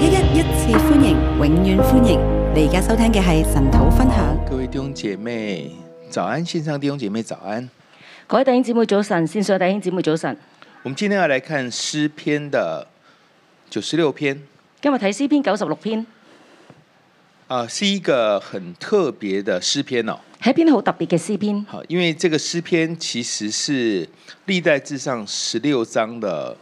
一一一次歡迎，永遠歡迎！你而家收聽嘅係神土分享。各位弟兄姐妹，早安！線上弟兄姐妹早安！各位弟兄姊妹早晨，線上弟兄姊妹早晨。我們今天要來看詩篇的九十六篇。今日睇詩篇九十六篇，啊，是一個很特別的詩篇哦，係一篇好特別嘅詩篇。好，因為這個詩篇其實是歷代志上十六章的。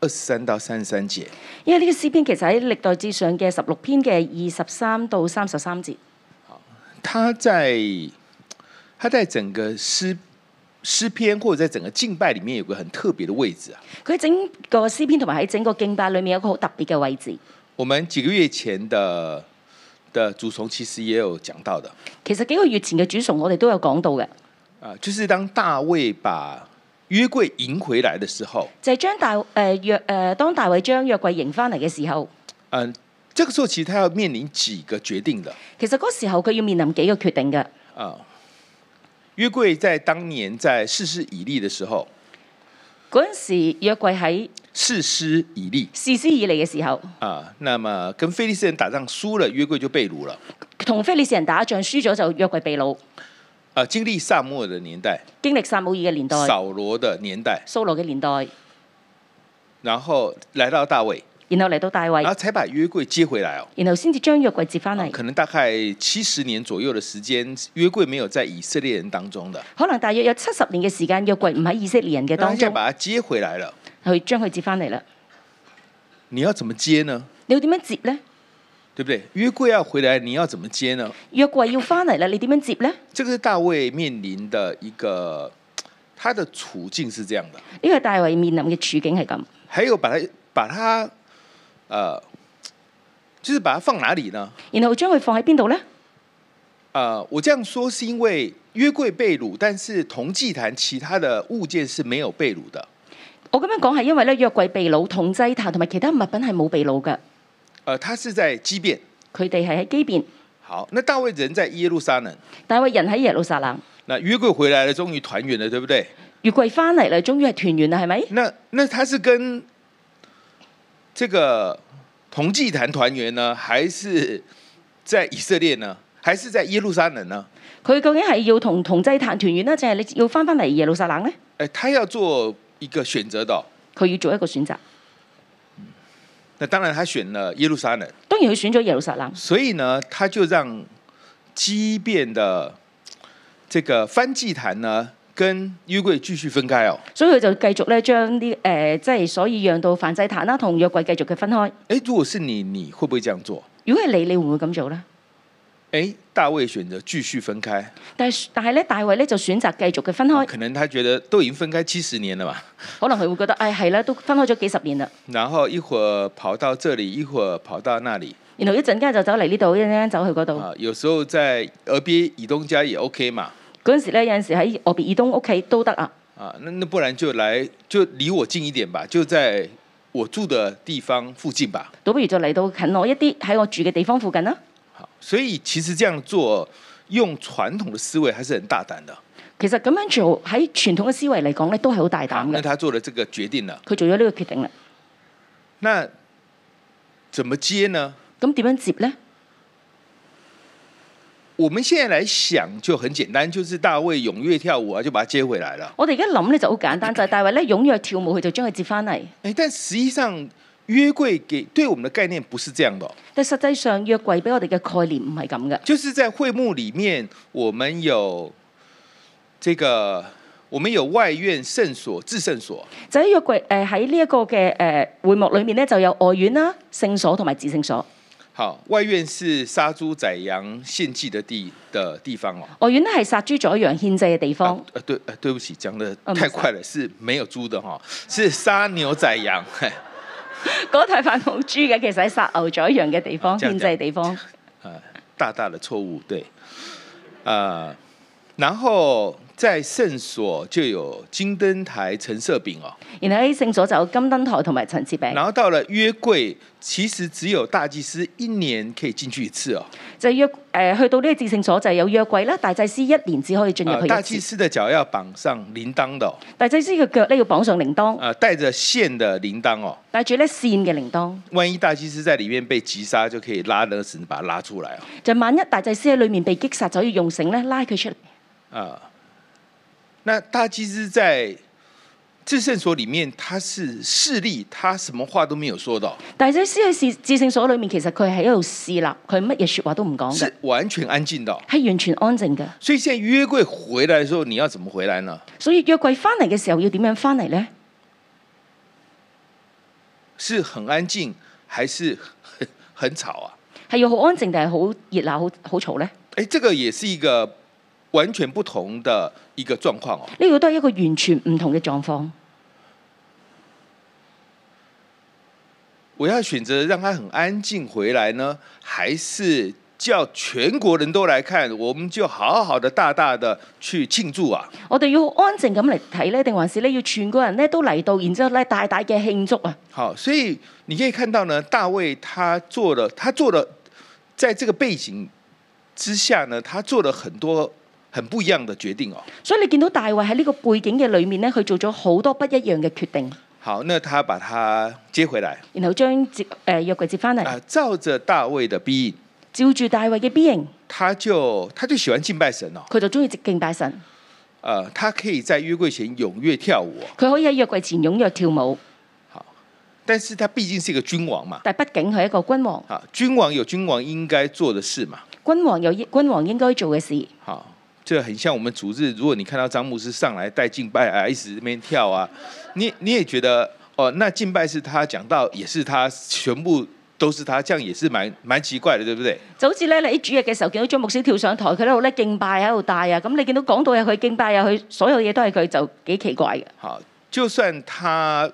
二十三到三十三節，因為呢個詩篇其實喺歷代志上嘅十六篇嘅二十三到三十三節。他在他在整個詩詩篇或者在整個敬拜裏面有個很特別的位置啊。佢喺整個詩篇同埋喺整個敬拜裏面有個好特別嘅位置。我們幾個月前的的主崇其實也有講到的。其實幾個月前嘅主崇我哋都有講到嘅。啊，就是當大衛把。約櫃迎回來的時候，就將大誒、呃、約誒、呃、當大衛將約櫃迎翻嚟嘅時候，嗯、呃，這個時候其實他要面臨幾，幾個決定的。其實嗰時候佢要面臨幾個決定嘅。啊，約櫃在當年在士師以利嘅時候，嗰陣時約櫃喺士師以利，士師以利嘅時候。啊，那麼跟非利士人打仗輸了，約櫃就被擄了。同非利士人打仗輸咗就約櫃被擄。啊！經歷撒母耳的年代，經歷撒母耳嘅年代，掃羅的年代，掃羅嘅年代，然後來到大衛，然後嚟到大衛，啊，然後才把約櫃接回來哦，然後先至將約櫃接翻嚟，啊，可能大概七十年左右嘅時間，約櫃沒有在以色列人當中的，可能大約有七十年嘅時間，約櫃唔喺以色列人嘅當中，再把它接回來了，去將佢接翻嚟啦。你要怎麼接呢？你要點樣接呢？對不對？約櫃要回來，你要怎麼接呢？約櫃要翻嚟啦，你點樣接呢？這個是大衛面臨的一個他的處境是這樣的。呢個大衛面臨嘅處境係咁。還有把他把他，呃，就是把他放哪裏呢？然後將佢放喺邊度呢？啊、呃，我這樣說是因為約櫃被擄，但是同祭壇其他的物件是沒有被擄的。我咁樣講係因為咧，約櫃被擄，同祭壇同埋其他物品係冇被擄嘅。誒、呃，他是在基遍，佢哋係喺基遍。好，那大衛人在耶路撒冷，大衛人喺耶路撒冷。那約櫃回來了，終於團圓了，對不對？約櫃翻嚟啦，終於係團圓啦，係咪？那那他是跟這個銅祭壇團圓呢，還是在以色列呢，還是在耶路撒冷呢？佢究竟係要同銅祭壇團圓呢，定係你要翻翻嚟耶路撒冷呢？誒、欸，他要做一個選擇的，佢要做一個選擇。那當然，他選了耶路撒冷。當然，佢選咗耶路撒冷。所以呢，他就讓基遍的這個燔祭壇呢，跟約櫃繼續分開哦。所以佢就繼續咧將啲誒，即、呃、係、就是、所以讓到燔祭壇啦、啊，同約櫃繼續嘅分開。誒，如果是你，你會不會這樣做？如果係你，你會唔會咁做咧？誒，大衛選擇繼續分開，但係但係咧，大衛咧就選擇繼續嘅分開。哦，可能他覺得都已經分開七十年啦嘛，可能佢會覺得誒係啦，都分開咗幾十年啦。然後一會兒跑到這裡，一會兒跑到那裡，然後一陣間就走嚟呢度，一陣間走去嗰度。啊，有時候在耳邊姨東家也 OK 嘛。嗰陣時咧，有陣時喺耳邊姨東屋企都得啊。啊，那那不然就來就離我近一點吧，就在我住的地方附近吧。倒不如就嚟到近我一啲，喺我住嘅地方附近啦。所以其實這樣做用傳統的思維還是很大膽的。其實咁樣做喺傳統嘅思維嚟講咧，都係好大膽嘅。咁佢、嗯、做咗呢個決定啦。佢做咗呢個決定啦。那怎麼接呢？咁點樣接呢？我們現在嚟想就很簡單，就是大衛踊躍跳舞啊，就把他接回來了。我哋而家諗呢就好簡單，就係、是、大衛咧踊躍跳舞，佢就將佢接翻嚟。誒、哎，但實際上。約櫃給對我們的概念不是這樣的，但實際上約櫃俾我哋嘅概念唔係咁嘅，就是在會幕裡面，我們有這個，我們有外院、聖所、至聖所。就喺約櫃誒喺呢一個嘅誒會幕裡面呢，就有外院啦、聖所同埋至聖所。好，外院是殺豬宰羊獻祭的地的地方咯、哦啊。外院咧係殺豬宰羊獻祭嘅地方。誒對誒，對不起，講得太快了，是沒有豬的哈、哦，是殺牛宰羊。 嗰台飯好豬嘅，其實喺殺牛宰羊嘅地方，經濟地方，啊，大大嘅錯誤，對， 啊、然後。在聖所就有金燈台、陳設餅哦。然後喺聖所就有金燈台同埋陳設餅。然後到了約櫃，其實只有大祭司一年可以進去一次哦。就係約誒去到呢個至聖所就係有約櫃啦，大祭司一年只可以進入佢一次。大祭司嘅腳要綁上鈴鐺的。大祭司嘅腳咧要綁上鈴鐺。啊，帶着線的鈴鐺哦。帶住咧線嘅鈴鐺。萬一大祭司在裡面被擊殺，就可以拉呢個繩把他拉出來哦。就萬一大祭司喺裡面被擊殺，就要用繩咧拉佢出嚟。啊。那他其實在至聖所裡面，他是示立，他什麼話都沒有說到。但係喺去喺至聖所裡面，其實佢係一路示立，佢乜嘢說話都唔講，是完全安靜到，係完全安靜嘅。所以現在約櫃回來嘅時候，你要怎麼回來呢？所以約櫃翻嚟嘅時候，要點樣翻嚟呢？是很安靜，還是很吵啊？係要好安靜定係好熱鬧、好好嘈呢？哎，這個也是一個。完全不同的一個狀況哦！呢個都係一個完全唔同嘅狀況。我要選擇讓他很安靜回來呢，還是叫全國人都來看？我們就好好的大大的去慶祝啊！我哋要安靜咁嚟睇呢，定還是呢要全國人呢都嚟到，然之後呢大大嘅慶祝啊！好，所以你可以看到呢，大衛他做了，他做了，在這個背景之下呢，他做了很多。很不一樣的決定哦，所以你見到大衛喺呢個背景嘅裏面呢，佢做咗好多不一樣嘅決定。好，那他把他接回來，然後將接誒、呃、約櫃接翻嚟，啊，照着大衛的逼，照住大衛嘅逼型，他就他就喜歡敬拜神哦。佢就中意敬拜神，誒、呃，他可以在約櫃前踊躍跳舞，佢可以喺約櫃前踊躍跳舞。好，但是他畢竟是一個君王嘛，但係畢竟係一個君王，啊，君王有君王應該做的事嘛，君王有君王應該做嘅事，好。就很像我們主日，如果你看到張牧師上來帶敬拜啊，一直咁樣跳啊，你你也覺得哦、呃，那敬拜是他講道，也是他全部都是他，這樣也是蠻蠻奇怪的，對唔對？就好似咧，你主日嘅時候見到張牧師跳上台，佢喺度咧敬拜喺度帶啊，咁你見到講道又佢敬拜又佢所有嘢都係佢就幾奇怪嘅。好，就算他。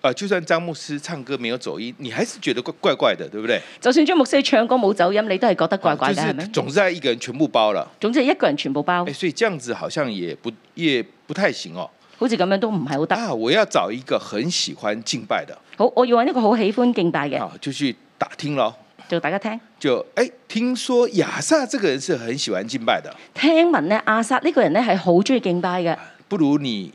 啊，就算張牧師唱歌沒有走音，你還是覺得怪怪的，對不對？就算張牧師唱歌冇走音，你都係覺得怪怪的。係咪、啊？就是、總之係一個人全部包啦。總之係一個人全部包。誒、欸，所以這樣子好像也不也不太行哦。好似咁樣都唔係好得。啊，我要找一個很喜歡敬拜的。好，我要揾一個好喜歡敬拜嘅。就去打聽咯。就大家聽。就哎、欸，聽說亞薩這個人是很喜歡敬拜的。聽聞呢亞薩呢個人呢係好中意敬拜嘅。不如你。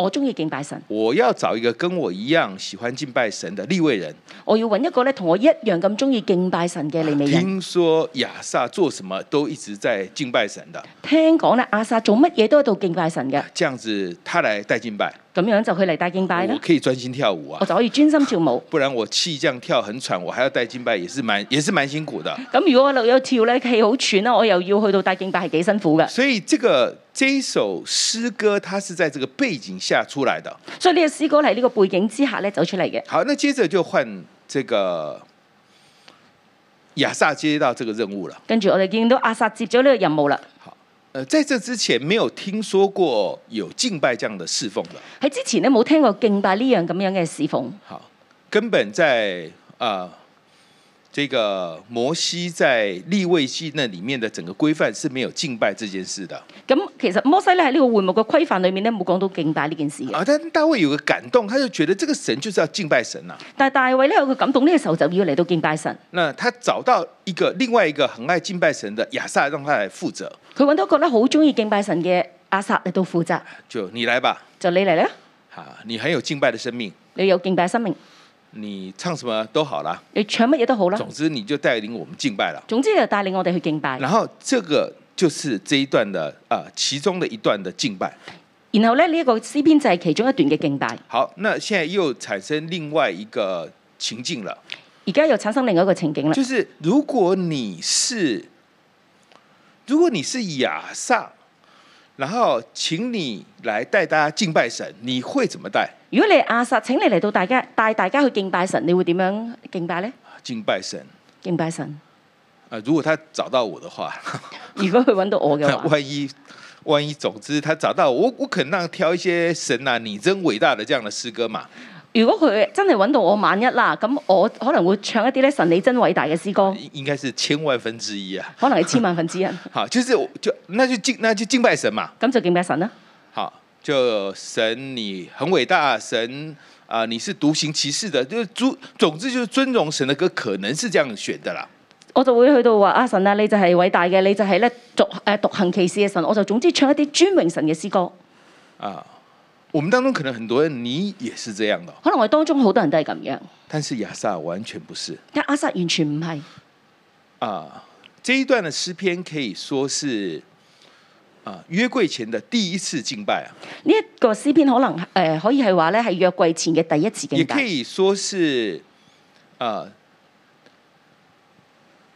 我中意敬拜神，我要找一個跟我一樣喜歡敬拜神的利未人。我要揾一個咧同我一樣咁中意敬拜神嘅利未人。聽說亞薩做什麼都一直在敬拜神的。聽講咧，亞薩做乜嘢都喺度敬拜神嘅。這樣子，他來帶敬拜，咁樣就佢嚟帶敬拜啦。我可以專心跳舞啊，我就可以專心跳舞。不然我氣這樣跳很喘，我還要帶敬拜，也是蠻也是蠻辛苦的。咁如果我又要跳咧，氣好喘啦，我又要去到帶敬拜，係幾辛苦嘅。所以這個。這一首詩歌，它是在這個背景下出來的，所以呢個詩歌喺呢個背景之下咧走出嚟嘅。好，那接着就換這個亞薩接到這個任務了。跟住我哋見到亞薩接咗呢個任務啦。好，誒，在這之前沒有聽說過有敬拜這樣的侍奉嘅。喺之前咧冇聽過敬拜呢樣咁樣嘅侍奉。好，根本在啊。呃這個摩西在利未記那裡面的整個規範是沒有敬拜這件事的。咁其實摩西咧喺呢個會幕嘅規範裏面咧冇講到敬拜呢件事。啊，但大衛有個感動，他就覺得這個神就是要敬拜神啦，啊。但係大衛呢，有個感動，呢，這個時候就要嚟到敬拜神。那他找到一個另外一個很愛敬拜神的亞薩，讓他來負責。佢揾到個咧好中意敬拜神嘅亞薩嚟到負責。就你嚟吧。就你嚟啦。啊，你很有敬拜的生命。你有敬拜生命。你唱什麼都好啦，你唱乜嘢都好啦。總之你就帶領我們敬拜啦。總之就帶領我哋去敬拜。然後這個就是這一段的啊、呃，其中的一段的敬拜。然後呢呢個、這個詩篇就係其中一段嘅敬拜。好，那現在又產生另外一個情境了。而家又產生另外一個情景啦。就是如果你是如果你是亞薩，然後請你來帶大家敬拜神，你會怎麼帶？如果你阿薩，請你嚟到大家帶大家去敬拜神，你會點樣敬拜咧？敬拜神。敬拜神。啊、呃，如果他找到我的話，如果佢揾到我嘅話，萬一，萬一，總之，他找到我，我，我肯能挑一些神啊，你真偉大的這樣的詩歌嘛。如果佢真係揾到我，萬一啦，咁我可能會唱一啲咧神你真偉大嘅詩歌。應該是千萬分之一啊，可能係千萬分之一。吓， 就是我就那就敬那就敬拜神嘛。咁就敬拜神啦。就神你很偉大，神啊、呃、你是獨行其事的，就是總之就是尊榮神的歌，可能是這樣選的啦。我就會去到話阿、啊、神啊，你就係偉大嘅，你就係咧獨誒獨、呃、行其事嘅神，我就總之唱一啲尊榮神嘅詩歌。啊，我們當中可能很多人你也是這樣咯。可能我當中好多人都係咁樣。但是亞薩完全不是。但亞薩完全唔係。啊，這一段的詩篇可以說是。啊！約櫃前的第一次敬拜啊！呢一個詩篇可能誒、呃，可以係話咧係約櫃前嘅第一次敬拜，也可以說是啊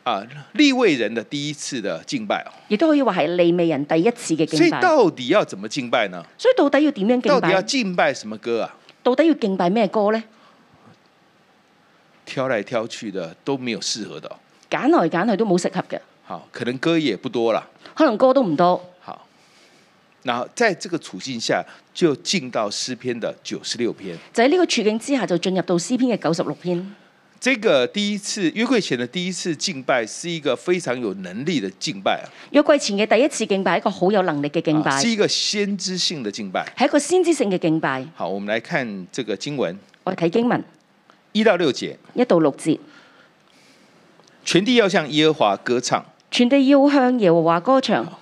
啊利未人的第一次的敬拜，啊，亦都可以話係利未人第一次嘅敬拜。所以到底要怎麼敬拜呢？所以到底要點樣敬拜？到底要敬拜什麼歌啊？到底要敬拜咩歌呢，啊？挑來挑去的都沒有適合的，揀來揀去都冇適合嘅。好，可能歌也不多啦，可能歌都唔多。然後在這個處境下就進到詩篇的九十六篇。就喺呢個處境之下就進入到詩篇嘅九十六篇。這個第一次約櫃前的第一次敬拜是一個非常有能力的敬拜啊。約櫃前嘅第一次敬拜一個好有能力嘅敬拜、啊。是一個先知性的敬拜。係一個先知性嘅敬拜。好，我們來看這個經文。我哋睇經文到一到六節。一到六節。全地要向耶和華歌唱。全地要向耶和華歌唱。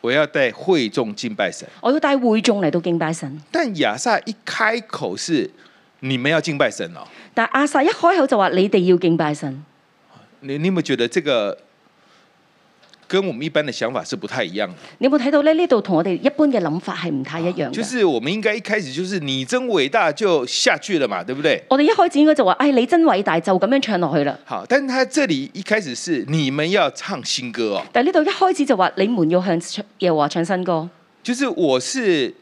我要帶會眾敬拜神，我要帶會眾嚟到敬拜神。但亞薩一開口是你們要敬拜神咯、哦，但亞薩一開口就話你哋要敬拜神，你你有冇覺得這個？跟我們一般的想法是不太一樣的。你有冇睇到呢？呢度同我哋一般嘅諗法係唔太一樣，啊。就是我們應該一開始就是你真偉大就下去了嘛，對不對？我哋一開始應該就話，哎，你真偉大就咁樣唱落去啦。好，啊，但係他這裏一開始是你們要唱新歌，哦。但呢度一開始就話你們要向耶和華唱新歌。就是我是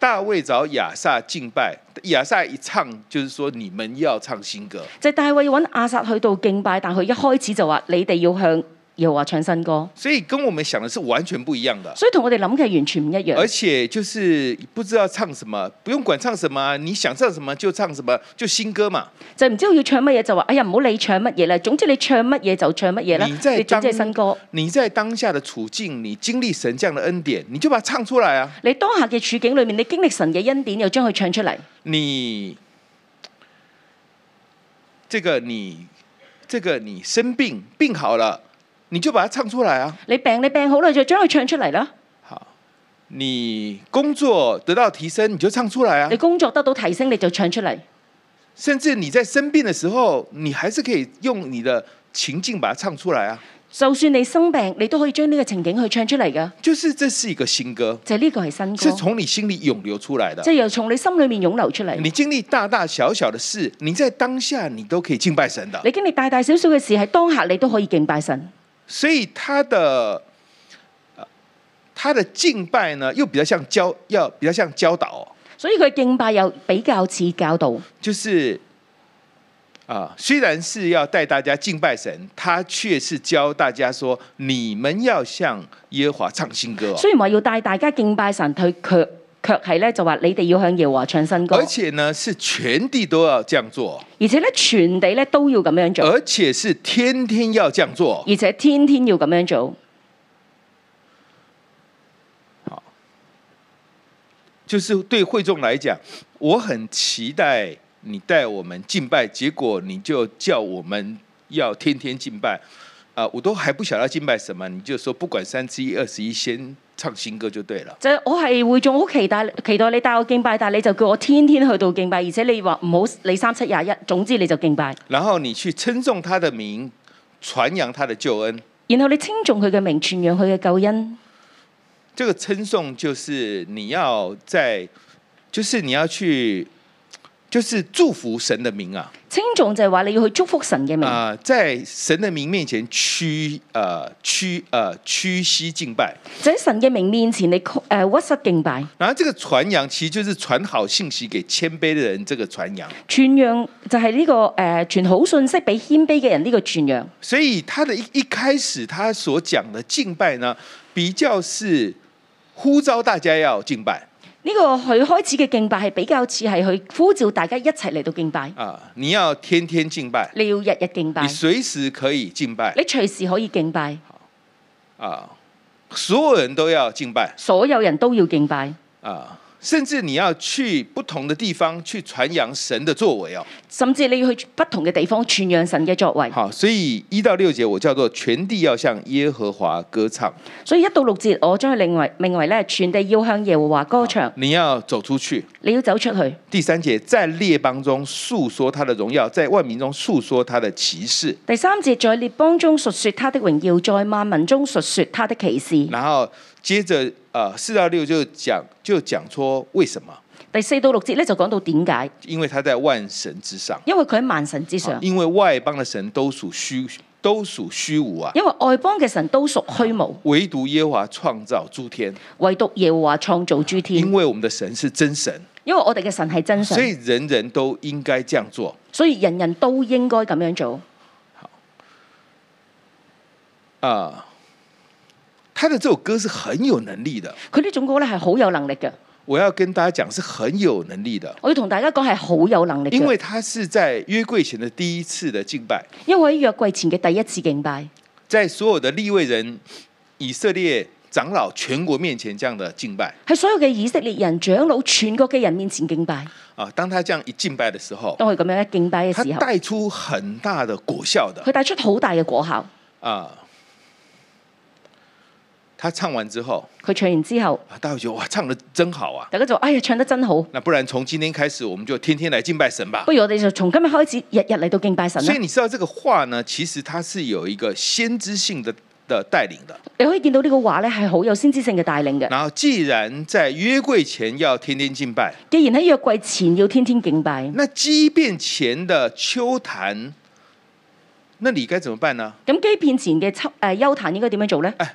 大衛找亞薩敬拜，亞薩一唱就是說你們要唱新歌。就大衛揾亞薩去到敬拜，但佢一開始就話你哋要向。又話唱新歌，所以跟我們想的是完全不一樣的。所以同我哋諗嘅完全唔一樣。而且就是不知道唱什麼，不用管唱什麼，你想唱什麼就唱什麼，就新歌嘛。就唔知道要唱乜嘢，就話哎呀唔好理唱乜嘢啦，總之你唱乜嘢就唱乜嘢啦。你即係新歌。你在當下的處境，你經歷神這樣的恩典，你就把它唱出來啊。你當下嘅處境裏面，你經歷神嘅恩典，又將佢唱出嚟。你，這個你，這個你生病，病好了。你就把它唱出來啊！你病你病好啦，就將佢唱出來啦。好，你工作得到提升，你就唱出來啊！你工作得到提升，你就唱出來。甚至你在生病的時候，你還是可以用你的情境把它唱出來啊！就算你生病，你都可以將呢個情景去唱出來㗎。就是這是一個新歌，就係呢個係新歌，是從你心裏湧流出來的，即係由從你心裏面湧流出嚟。你經歷大大小小的事，你在當下你都可以敬拜神的。你經歷大大小小嘅事，喺當下你都可以敬拜神。所以他的，他的敬拜呢，又比較像教，要比較像教導。所以，佢敬拜又比較似教導。就是，啊，雖然是要帶大家敬拜神，他卻是教大家說：你們要向耶和華唱新歌。雖然話要帶大家敬拜神，佢佢。卻係咧就話你哋要向耶和華唱新歌，而且呢是全地都要這樣做，而且咧全地咧都要咁樣做，而且是天天要這樣做，而且天天要咁樣做。好，就是對會眾來講，我很期待你帶我們敬拜，結果你就叫我們要天天敬拜，啊，我都還不曉得敬拜什麼，你就說不管三七二十一先。唱新歌就對啦。就我係會仲好期待，期待你帶我敬拜，但係你就叫我天天去到敬拜，而且你話唔好你三七廿一，總之你就敬拜。然後你去稱頌他的名，傳揚他的救恩。然後你稱頌佢嘅名，傳揚佢嘅救恩。這個稱頌就是你要在，就是你要去。就是祝福神的名啊，稱頌就係話你要去祝福神嘅名。啊、呃，在神的名面前屈，呃屈，呃屈膝敬拜。就在神嘅名面前你屈，你誒呃屈膝敬拜。然後，這個傳揚其實就是傳好信息給謙卑的人，這個傳揚。傳揚就係呢、這個，誒、呃、傳好信息俾謙卑嘅人呢個傳揚。所以，他的一一開始，他所講的敬拜呢，比較是呼召大家要敬拜。呢個佢開始嘅敬拜係比較似係佢呼召大家一齊嚟到敬拜。啊，你要天天敬拜，你要日日敬拜，你隨時可以敬拜，你隨時可以敬拜。啊，所有人都要敬拜，所有人都要敬拜。啊。甚至你要去不同的地方去傳揚神的作為哦，甚至你要去不同嘅地方傳揚神嘅作為。好，所以一到六節我叫做全地要向耶和華歌唱。所以一到六節我將佢名為名為咧，全地要向耶和華歌唱。你要走出去，你要走出去。第三節在列邦中述說他的榮耀，在萬民中述說他的奇事。第三節在列邦中述說他的榮耀，在萬民中述說他的奇事。然後。接着，啊、呃，四到六就講就講說為什麼？第四到六節咧就講到點解？因為他在萬神之上。因為佢喺萬神之上。因為外邦的神都屬虛，都屬虛無啊。因為外邦嘅神都屬虛無。唯獨耶華創造諸天，唯獨耶華創造諸天、啊。因為我們的神是真神。因為我哋嘅神係真神。所以人人都應該這樣做。所以人人都應該咁樣做。好啊。他的這首歌是很有能力的，佢呢種歌呢係好有能力嘅。我要跟大家講，是很有能力的。我要同大家講係好有能力，因為他是在約櫃前的第一次的敬拜，因為喺約櫃前嘅第一次敬拜，在所有的利未人以色列長老全國面前這樣的敬拜，喺所有嘅以色列人長老全國嘅人面前敬拜。啊，當他這樣一敬拜的時候，當佢咁樣一敬拜嘅時候，帶出很大的果效的，佢帶出好大嘅果效啊。他唱完之後，佢唱完之後，大家覺得哇，唱得真好啊！大家就說哎呀，唱得真好。那不然從今天開始，我們就天天來敬拜神吧。不如我哋就從今日開始，日日嚟到敬拜神。所以你知道這個話呢，其實它是有一個先知性的的帶領的。你可以見到呢個話呢係好有先知性嘅帶領嘅。然後，既然在約櫃前要天天敬拜，既然喺約櫃前要天天敬拜，那基遍前的丘壇，那你該怎麼辦呢？咁基遍前嘅丘誒丘壇應該點樣做呢？哎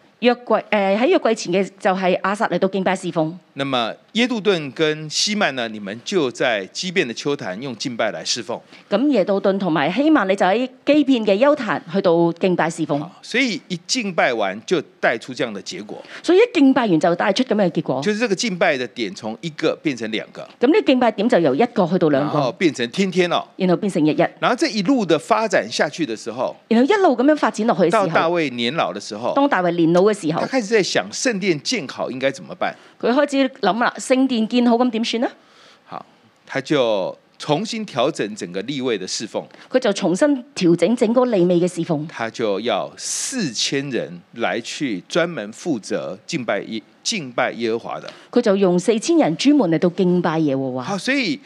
約櫃，誒、呃、喺約櫃前嘅就係亞薩嚟到敬拜侍奉。那麼耶杜頓跟希曼呢？你們就在基遍的丘壇用敬拜來侍奉。咁耶杜頓同埋希曼，你就喺基遍嘅丘壇去到敬拜侍奉。所以一敬拜完就帶出這樣的結果。所以一敬拜完就帶出咁嘅結果。就是這個敬拜的點從一個變成兩個。咁呢敬拜點就由一個去到兩個，變成天天咯、哦，然後變成日日，然後這一路的發展下去的時候，然後一路咁樣發展落去。到大衛年老的時候，當大衛年老。時候，他開始在想聖殿建好應該怎麼辦？佢開始諗啦，聖殿建好咁點算呢？好，他就重新調整整個利未的侍奉，佢就重新調整整個利未嘅侍奉，他就要四千人來去專門負責敬拜耶敬拜耶和華的，佢就用四千人專門嚟到敬拜耶和華。好，所以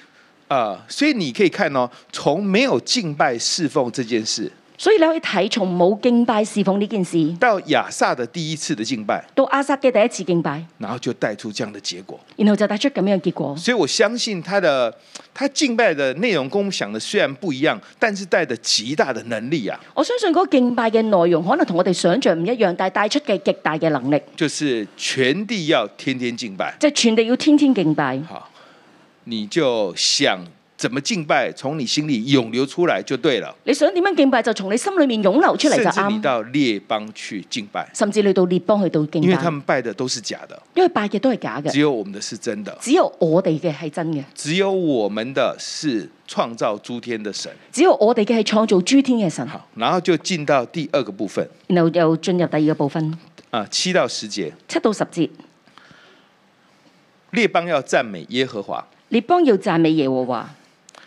啊、呃，所以你可以看哦，從沒有敬拜侍奉這件事。所以你可以睇，從冇敬拜侍奉呢件事，到亞薩的第一次的敬拜，到亞薩嘅第一次敬拜，然後就帶出這樣的結果，然後就帶出咁樣嘅結果。所以我相信他的他敬拜的內容，跟我們想的雖然不一樣，但是帶着極大的能力啊！我相信嗰個敬拜嘅內容可能同我哋想象唔一樣，但係帶出嘅極大嘅能力，就是全地要天天敬拜，即係全地要天天敬拜。好，你就想。怎麼敬拜，從你心裏湧流出來就對了。你想點樣敬拜，就從你心裏面湧流出嚟就啱。甚至你到列邦去敬拜，甚至你到列邦去到敬拜，因為他們拜的都是假的，因為拜嘅都係假嘅。只有我們的是真的，只有我哋嘅係真嘅，只有我們的是創造諸天的神，只有我哋嘅係創造諸天嘅神。然後就進到第二個部分，然後又進入第二個部分，啊，七到十節，七到十節，列邦要讚美耶和華，列邦要讚美耶和華。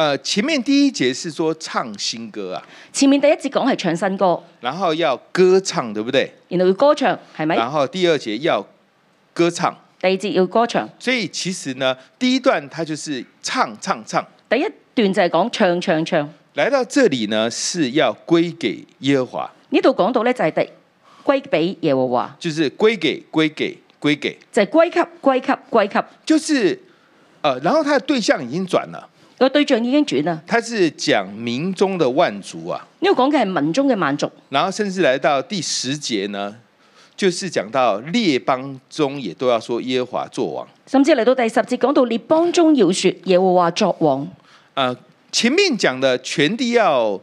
誒，前面第一節是說唱新歌啊，前面第一節講係唱新歌，然後要歌唱對不對？然後要歌唱係咪？然後第二節要歌唱，第二節要歌唱，所以其實呢，第一段它就是唱唱唱，第一段就係講唱唱唱。來到這裏呢，是要歸給耶和華。呢度講到呢，就係歸歸俾耶和華，就是歸給歸給歸給，就係歸給歸給歸給，就是、呃、然後它的對象已經轉了。個對象已經轉啦，他是講民中的萬族啊，呢個講嘅係民中嘅萬族。然後甚至來到第十節呢，就是講到列邦中也都要說耶和華作王。甚至嚟到第十節講到列邦中要說，耶和華作王。啊、呃，前面講的全地要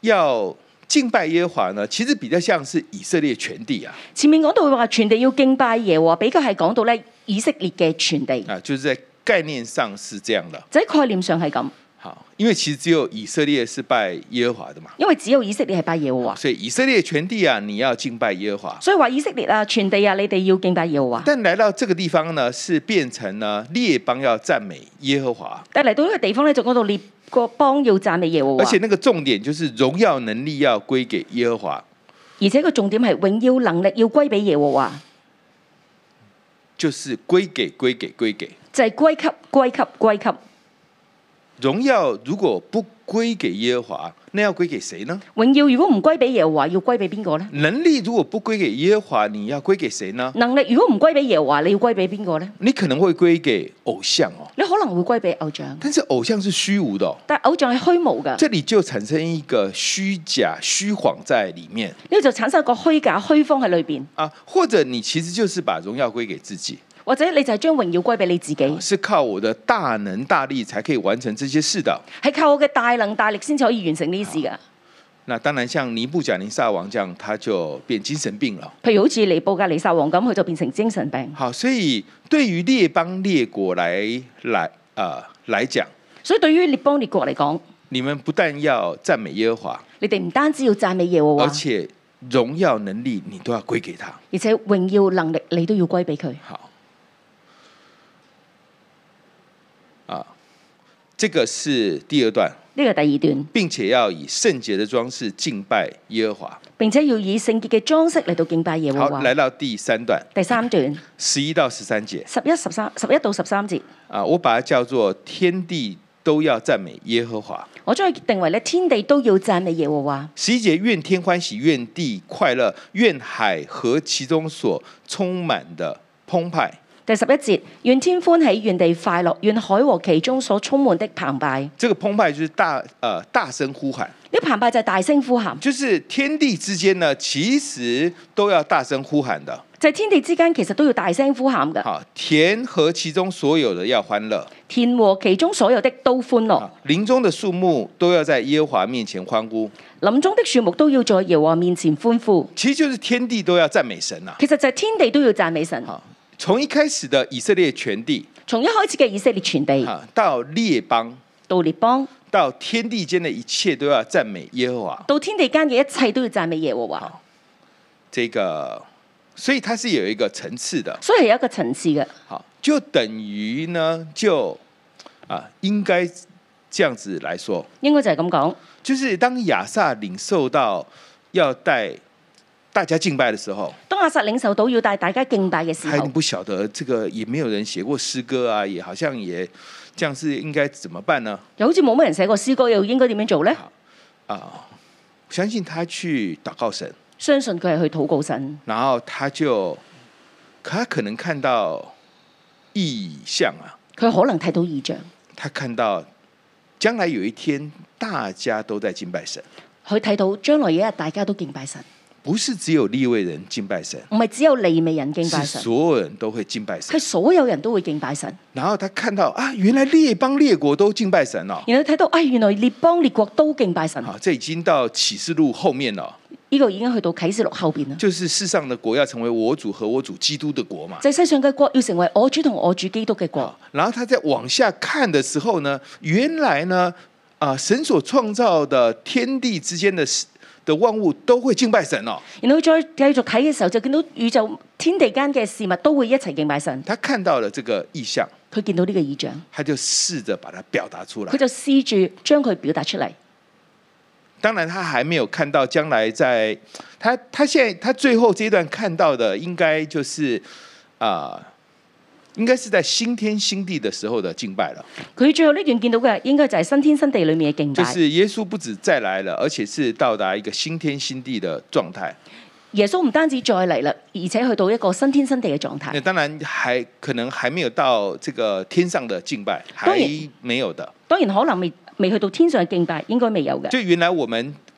要敬拜耶和華呢，其實比較像是以色列全地啊。前面嗰度話全地要敬拜耶和華，比較係講到咧以色列嘅全地啊、呃，就即係。概念上是這樣的，就喺概念上係咁。好，因為其實只有以色列是拜耶和華的嘛。因為只有以色列係拜耶和華，所以以色列全地啊，你要敬拜耶和華。所以話以色列啊，全地啊，你哋要敬拜耶和華。但來到這個地方呢，是變成呢列邦要讚美耶和華。但嚟到呢個地方呢，就嗰度列國邦要讚美耶和華。而且那個重點就是榮耀能力要歸給耶和華，而且個重點係榮耀能力要歸俾耶和華，就是歸給歸給歸給。歸給就係歸給歸給歸給。榮耀如果不歸給耶和華，那要歸給誰呢？榮耀如果唔歸俾耶和華，要歸俾邊個呢？能力如果不歸給耶和華，你要歸給誰呢？能力如果唔歸俾耶和華，你要歸俾邊個呢？你可能會歸給偶像哦，你可能會歸俾偶像，但是偶像係虛無的，但偶像係虛無噶，這裏就產生一個虛假、虛謊在裏面，你就產生個虛假、虛謊喺裏邊啊，或者你其實就是把榮耀歸給自己。或者你就係將榮耀歸俾你自己，是靠，大大是靠我的大能大力才可以完成這些事的，係靠我嘅大能大力先至可以完成呢啲事噶。那當然，像尼布甲尼撒王這樣，他就變精神病啦。譬如好似尼布甲尼撒王咁，佢就變成精神病。好，所以對於列邦列國來來啊、呃、來講，所以對於列邦列國嚟講，你們不但要讚美耶和華，你哋唔單止要讚美耶和華，而且榮耀能力你都要歸給他，而且榮耀能力你都要歸俾佢。好。這個是第二段，呢個第二段，並且要以聖潔的裝飾敬拜耶和華，並且要以聖潔嘅裝飾嚟到敬拜耶和華。好，來到第三段，第三段十一到十三節，十一十三，十一到十三節啊，我把它叫做天地都要讚美耶和華，我將佢定為咧天地都要讚美耶和華。十一節願天歡喜，願地快樂，願海和其中所充滿的澎湃。第十一節，願天歡喜，願地快樂，願海和其中所充滿的澎湃。這個澎湃就是大，誒、呃、大聲呼喊。呢澎湃就係大聲呼喊。就是天地之間呢，其實都要大聲呼喊的。就係天地之間，其實都要大聲呼喊嘅。好，田和其中所有的要歡樂，田和其中所有的都歡樂。林中的樹木都要在耶和華面前歡呼，林中的樹木都要在耶和華面前歡呼。其實就係天地都要讚美神啦、啊。其實就係天地都要讚美神。好。從一開始的以色列全地，從一開始嘅以色列全地，到列邦，到列邦，到列邦，到天地間的一切都要讚美耶和華，到天地間嘅一切都要讚美耶和華。好，這個，所以它是有一個層次的，所以有一個層次嘅。好，就等於呢就啊，應該這樣子來說，應該就係咁講，就是當亞薩領受到要帶。大家敬拜的時候，當亞薩領受到要帶大家敬拜嘅時候，還、哎、不曉得這個，也沒有人寫過詩歌啊，也好像也，這樣是應該怎麼辦呢？又好似冇乜人寫過詩歌，又應該點樣做呢啊？啊，相信他去禱告神，相信佢係去禱告神，然後他就，佢可能看到異象啊，佢可能睇到異象，他看到將來有一天大家都在敬拜神，佢睇到將來一日大家都敬拜神。不是只有利未人敬拜神，唔係只有利未人敬拜神，所有人都會敬拜神，係所有人都會敬拜神。然後他看到啊，原來列邦列國都敬拜神啦。然後睇到啊、哎，原來列邦列國都敬拜神。啊，這已經到啟示錄後面啦，呢個已經去到啟示錄後邊啦。就是世上的國要成為我主和我主基督的國嘛。在世上嘅國要成為我主同我主基督嘅國。然後他在往下看的時候呢，原來呢，啊，神所創造的天地之間的的萬物都會敬拜神哦，然後再繼續睇嘅時候就見到宇宙天地間嘅事物都會一齊敬拜神。他看到了這個意象，佢見到呢個意象，他就試着把它表達出來，他就試着將佢表達出來，當然，他還沒有看到將來，在他他現在他最後階段看到的，應該就是啊、呃。應該是在新天新地的時候的敬拜了。佢最後呢段見到嘅，應該就係新天新地裏面嘅敬拜。就是耶穌不止再來了，而且是到達一個新天新地的狀態。耶穌唔單止再嚟啦，而且去到一個新天新地嘅狀態。當然還，還可能還沒有到這個天上的敬拜，還沒有的。當然可能未未去到天上嘅敬拜，應該未有的。就原來我們。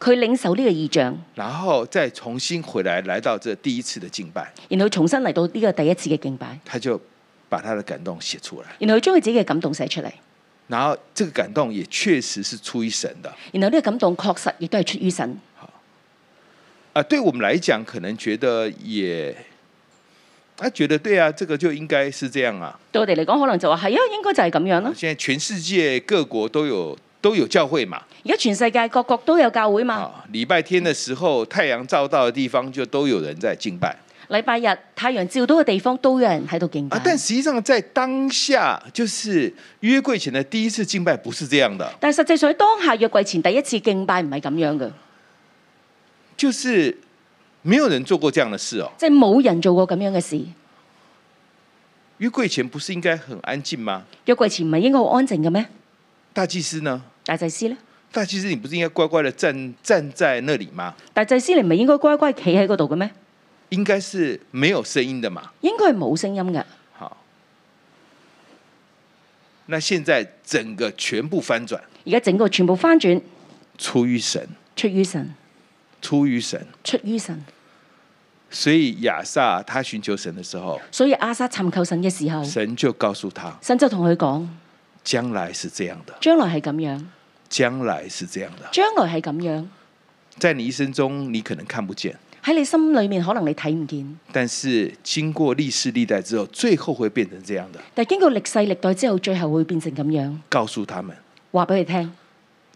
佢領受呢個異象，然後再重新回來來到這第一次的敬拜，然後重新嚟到呢個第一次嘅敬拜，他就把他的感動寫出來，然後將佢自己嘅感動寫出嚟，然後這個感動也確實是出於神的，然後呢個感動確實亦都係出於神。好，啊，對我們來講可能覺得也，他、啊，覺得對啊，這個就應該是這樣啊。對我哋嚟講，可能就話係啊，應該就係咁樣咯。現在全世界各國都有。都有教會嘛？而家全世界各國都有教會嘛、哦？禮拜天的時候，太陽照到的地方就都有人在敬拜。禮拜日太陽照到嘅地方都有人喺度敬拜、啊。但實際上，在當下就是約櫃前嘅第一次敬拜不是這樣的。但係實際上喺當下約櫃前第一次敬拜唔係咁樣嘅，就是沒有人做過這樣的事哦。即係冇人做過咁樣嘅事。約櫃前不是應該很安靜嗎？約櫃前唔係應該好安靜嘅咩？大祭司呢？大祭司咧？但其實乖乖大祭司，你不是應該乖乖的站站在那裏嗎？大祭司，你唔係應該乖乖企喺嗰度嘅咩？應該是沒有聲音的嘛？應該係冇聲音嘅。好，那現在整個全部翻轉。而家整個全部翻轉，出於神。出於神。出於神。出於神。所以亞薩他尋求神的時候，所以亞薩尋求神嘅時候，神就告訴他，神就同佢講。將來是這樣的，將來係咁樣，將來是這樣的，將來係咁樣。在你一生中，你可能看不見，喺你心裏面可能你睇唔見，但是經過歷世歷代之後，最後會變成這樣的。但經過歷世歷代之後，最後會變成咁樣。告訴他們，話俾你聽。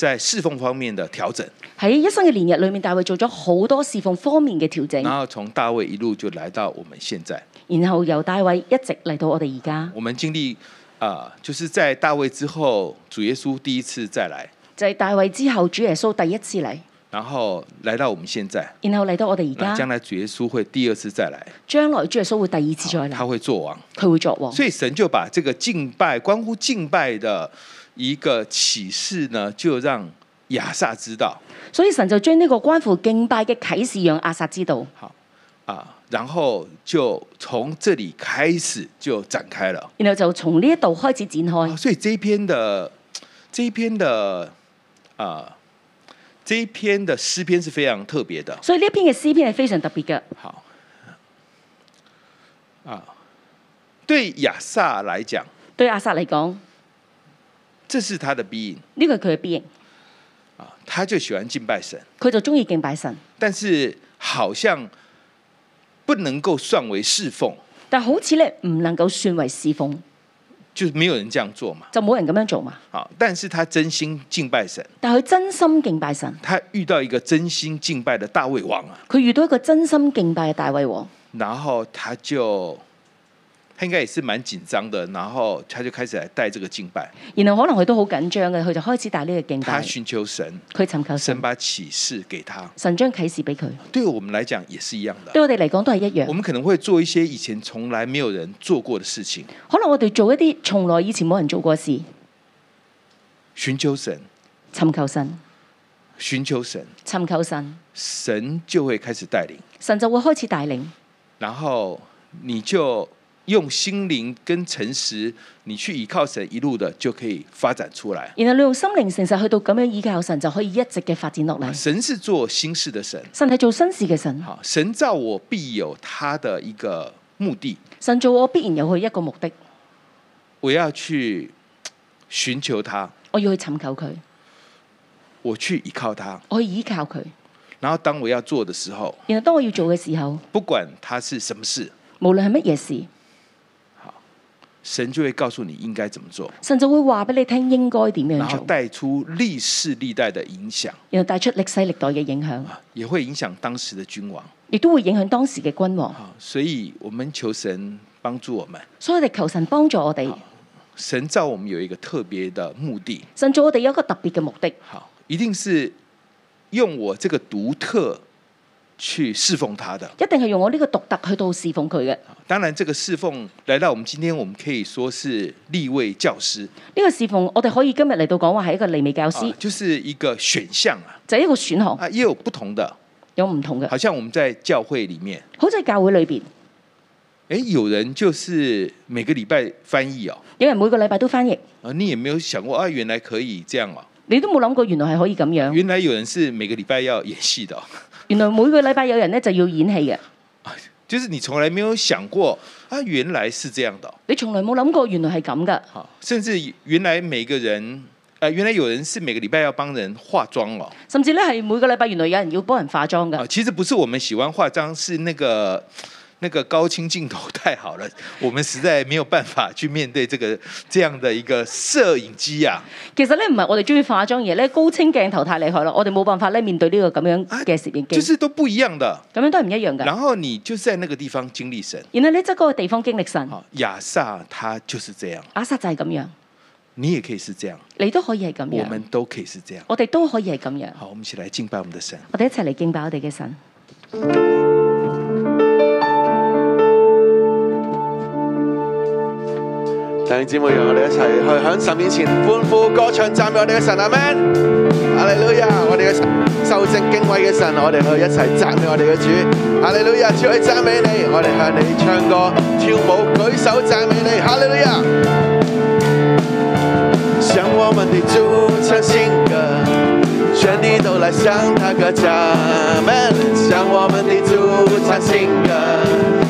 在侍奉方面的調整，喺一生嘅年日裏面，大衛做咗好多侍奉方面嘅調整。然後從大衛一路就來到我們現在。然後由大衛一直嚟到我哋而家。我們經歷啊、呃，就是在大衛之後，主耶穌第一次再來，就係大衛之後，主耶穌第一次嚟。然後來到我們現在。然後嚟到我哋而家，將來主耶穌會第二次再來。將來主耶穌會第二次再來，他會作王，佢會作王。所以神就把這個敬拜，關乎敬拜的。一個啟示呢，就讓亞薩知道，所以神就將呢個關乎敬拜嘅啟示讓亞薩知道。好啊，然後就從這裏開始就展開了，然後就從呢一度開始展開。啊，所以這篇的，這篇的，啊，這一篇的詩篇是非常特別的。所以呢一篇嘅詩篇係非常特別嘅。好啊，對亞薩來講，對亞薩嚟講。這是他的逼應，呢個係佢嘅逼應啊！他就喜歡敬拜神，佢就中意敬拜神，但是好像不能夠算為侍奉。但好似咧唔能夠算為侍奉，就沒有人這樣做嘛，就冇人咁樣做嘛。好、哦，但是他真心敬拜神，但係佢真心敬拜神，他遇到一個真心敬拜的大衛王啊！佢遇到一個真心敬拜嘅大衛王，然後他就。他應該也是蠻緊張的，然後他就開始嚟帶這個敬拜。然後可能佢都好緊張嘅，佢就開始帶呢個敬拜。他尋求神，佢尋求神，神把啟示給他，神將啟示俾佢。對我們來講也是一樣的，對我哋嚟講都係一樣。我們可能會做一些以前從來沒有人做過的事情，可能我哋做一啲從來以前冇人做過嘅事。尋求神，尋求神，尋求神，尋求神，神就會開始帶領，神就會開始帶領，然後你就。用心靈跟誠實，你去倚靠神一路的就可以發展出來。然後你用心靈誠實去到咁樣倚靠神，就可以一直嘅發展落嚟。神是做心事的神，神係做心事嘅神。神造我必有他的一個目的。神造我必然有佢一個目的。我要去尋求他，我要去尋求佢，我去依靠他，我去依靠佢。然後當我要做的時候，然後當我要做嘅時候，不管他是什麼事，無論係乜嘢事。神就會告訴你應該怎麼做，神就會話俾你聽應該點樣做，然後帶出歷世歷代的影響，然後帶出歷世歷代嘅影響，也會影響當時的君王，亦都會影響當時嘅君王。好，所以我們求神幫助我們，所以我哋求神幫助我哋。神造我們有一個特別的目的，神造我哋有一個特別嘅目的，好，一定是用我這個獨特，去侍奉他的，一定係用我呢個獨特去到侍奉佢嘅。當然，這個侍奉來到我們今天，我們可以說是立位教師。呢個侍奉，我哋可以今日嚟到講話係一個立位教師，啊，就是一個選項啊，就係一個選項啊，也有不同的，有唔同嘅。好像我們在教會裏面，好似教會裏邊，誒，有人就是每個禮拜翻譯啊、哦，有人每個禮拜都翻譯啊。你也沒有想過，啊，原來可以這樣啊、哦？你都冇諗過，原來係可以咁樣。原來有人是每個禮拜要演戲的、哦。原來每個禮拜有人咧就要演戲嘅，就是你從來沒有想過啊，原來是這樣的。你從來冇諗過原來係咁噶，甚至原來每個人，呃、原來有人是每個禮拜要幫人化妝咯。甚至咧係每個禮拜原來有人要幫人化妝嘅。其實不是我們喜歡化妝，是那個。那個高清鏡頭太好了，我們實在沒有辦法去面對這個這樣的一個攝影機呀、啊。其實呢，唔係我哋中意化妝嘢呢，高清鏡頭太厲害咯，我哋冇辦法呢，面對呢個咁樣嘅攝影機、啊。就是都不一樣的。咁樣都係唔一樣嘅。然後你就在那個地方經歷神。然後你喺嗰個地方經歷神。亞、啊、薩他就是這樣。亞薩就係咁樣。你也可以是這樣。你都可以係咁。我們都可以是這樣。我哋都可以係咁樣。樣好，我們一起來敬拜我們的神。我哋一齊嚟敬拜我哋嘅神。弟兄姊妹，讓我哋一齊去響神面前歡呼歌唱，讚美我哋嘅神啊！Amen，哈利路亞！Amen Hallelujah，我哋嘅修正敬畏嘅神，我哋去一齊讚美我哋嘅主。哈利路亞！主，我讚美你，我哋向你唱歌、跳舞、舉手讚美你。哈利路亞！向我們的主唱新歌，全地都來向他歌唱。Amen，向我們的主唱新歌。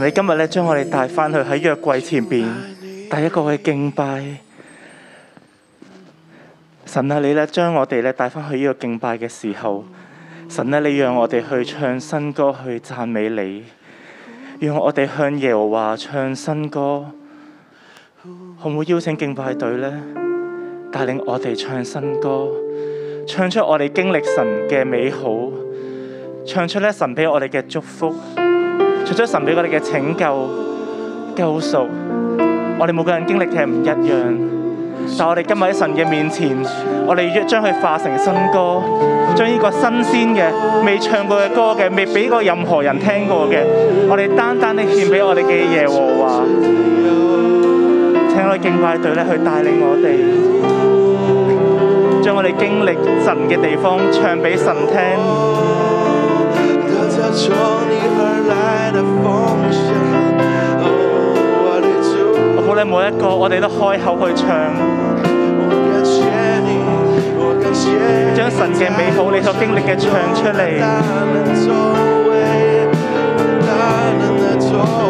神，你今日咧，將我哋帶翻去喺約櫃前邊，第一個去敬拜。神啊，你咧將我哋咧帶翻去呢個敬拜嘅時候，神咧、啊、你讓我哋去唱新歌去讚美你，讓我哋向耶和華唱新歌。可唔可以邀請敬拜隊咧帶領我哋唱新歌，唱出我哋經歷神嘅美好，唱出咧神俾我哋嘅祝福。除咗神俾我哋嘅拯救、救贖，我哋每個人經歷其實唔一樣，但我哋今日喺神嘅面前，我哋要將佢化成新歌，將呢個新鮮嘅、未唱過嘅歌嘅、未俾過任何人聽過嘅，我哋單單的獻俾我哋嘅耶和華，請我哋敬拜隊呢去帶領我哋，將我哋經歷神嘅地方唱俾神聽。我好你每一個，我哋都開口去唱，將神嘅美好，你所經歷嘅唱出嚟。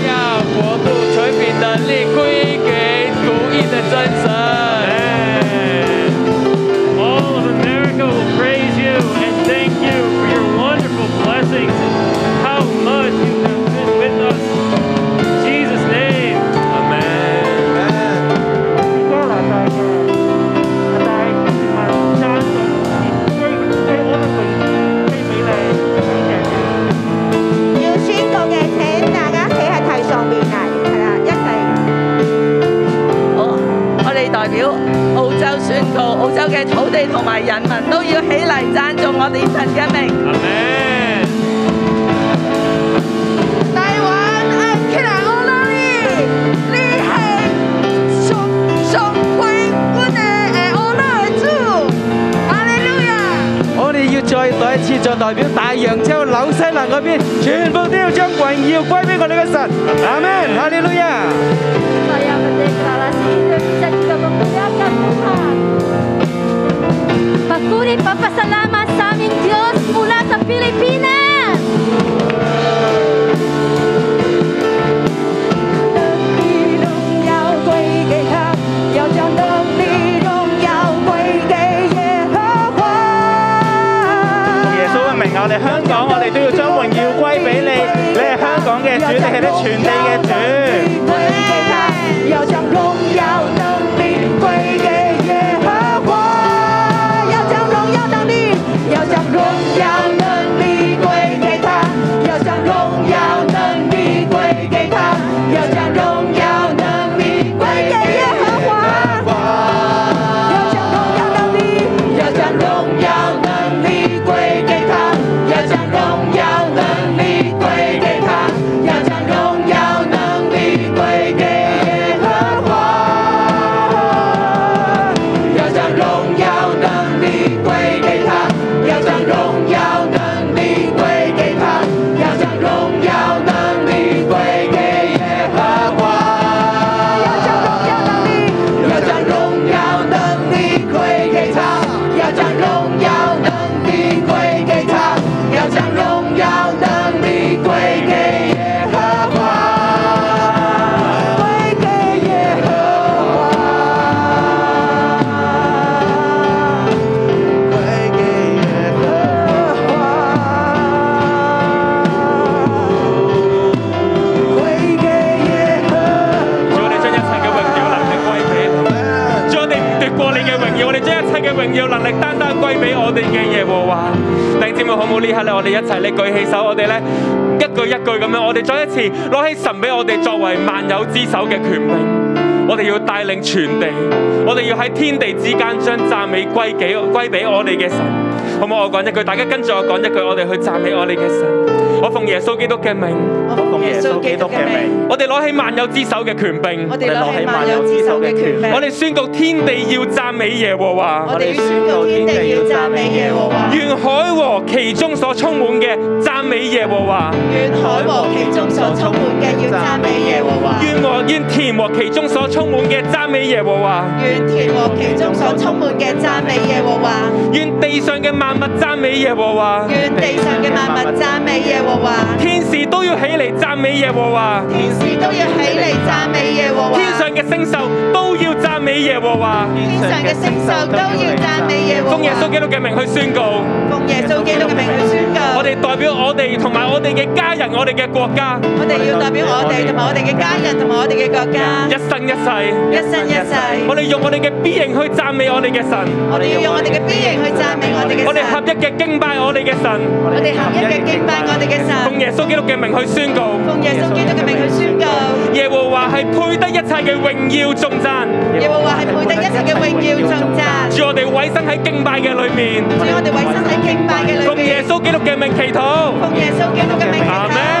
攞起神俾我哋作為萬有之首嘅權命，我哋要帶領全地，我哋要喺天地之間將讚美歸己，歸俾我哋嘅神，好唔好？我講一句，大家跟住我講一句，我哋去讚美我哋嘅神。我奉耶穌基督嘅名。奉耶穌基督嘅名，我哋攞起萬有之手嘅權柄，我哋攞起萬有之手嘅權柄，我哋宣告天地要讚美耶和華，我哋宣告天地要讚美耶和華，願海和其中所充滿嘅讚美耶和華，願海和其中所充滿嘅要讚美耶和華，願和願田和其中所充滿嘅讚美耶和華，願田和其中所充滿嘅讚美耶和華，願地上嘅萬物讚美耶和華，願地上嘅萬物讚美耶和華，天使都要起。嚟讚美耶和華，天使都要起嚟讚美耶和華，天上嘅星宿都要讚美耶和華，天上嘅星宿都要讚美耶和華，奉耶穌基督嘅名去宣告，奉耶穌基督嘅名去宣告，我哋代表我哋同埋我哋嘅家人，我哋嘅國家，我哋要代表我哋同埋我哋嘅家人同埋我哋嘅國家，一生一世，一生一世，我哋用我哋嘅 B 型去讚美我哋嘅神，我哋要用我哋嘅 B 型去讚美我哋嘅神，我哋合一嘅敬拜我哋嘅神，我哋合一嘅敬拜我哋嘅神，奉耶穌基督嘅名去宣。奉耶穌基督嘅名去宣告，耶和華係配得一切嘅榮耀重讚，耶和華係配得一切嘅榮耀重讚。祝我哋委身喺敬拜嘅裏面，祝我哋委身喺敬拜嘅裏面。奉耶穌基督嘅名祈禱，奉耶穌基督嘅名祈禱。